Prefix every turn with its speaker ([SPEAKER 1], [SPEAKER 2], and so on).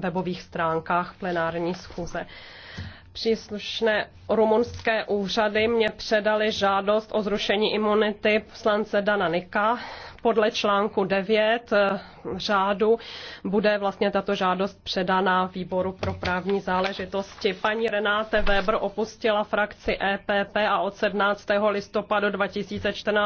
[SPEAKER 1] webových stránkách plenární schůze. Příslušné rumunské úřady mě předali žádost o zrušení imunity poslance Dana Nika. Podle článku 9 eh, řádu bude vlastně tato žádost předaná výboru pro právní záležitosti. Paní Renáte Weber opustila frakci EPP a od 17. listopadu 2014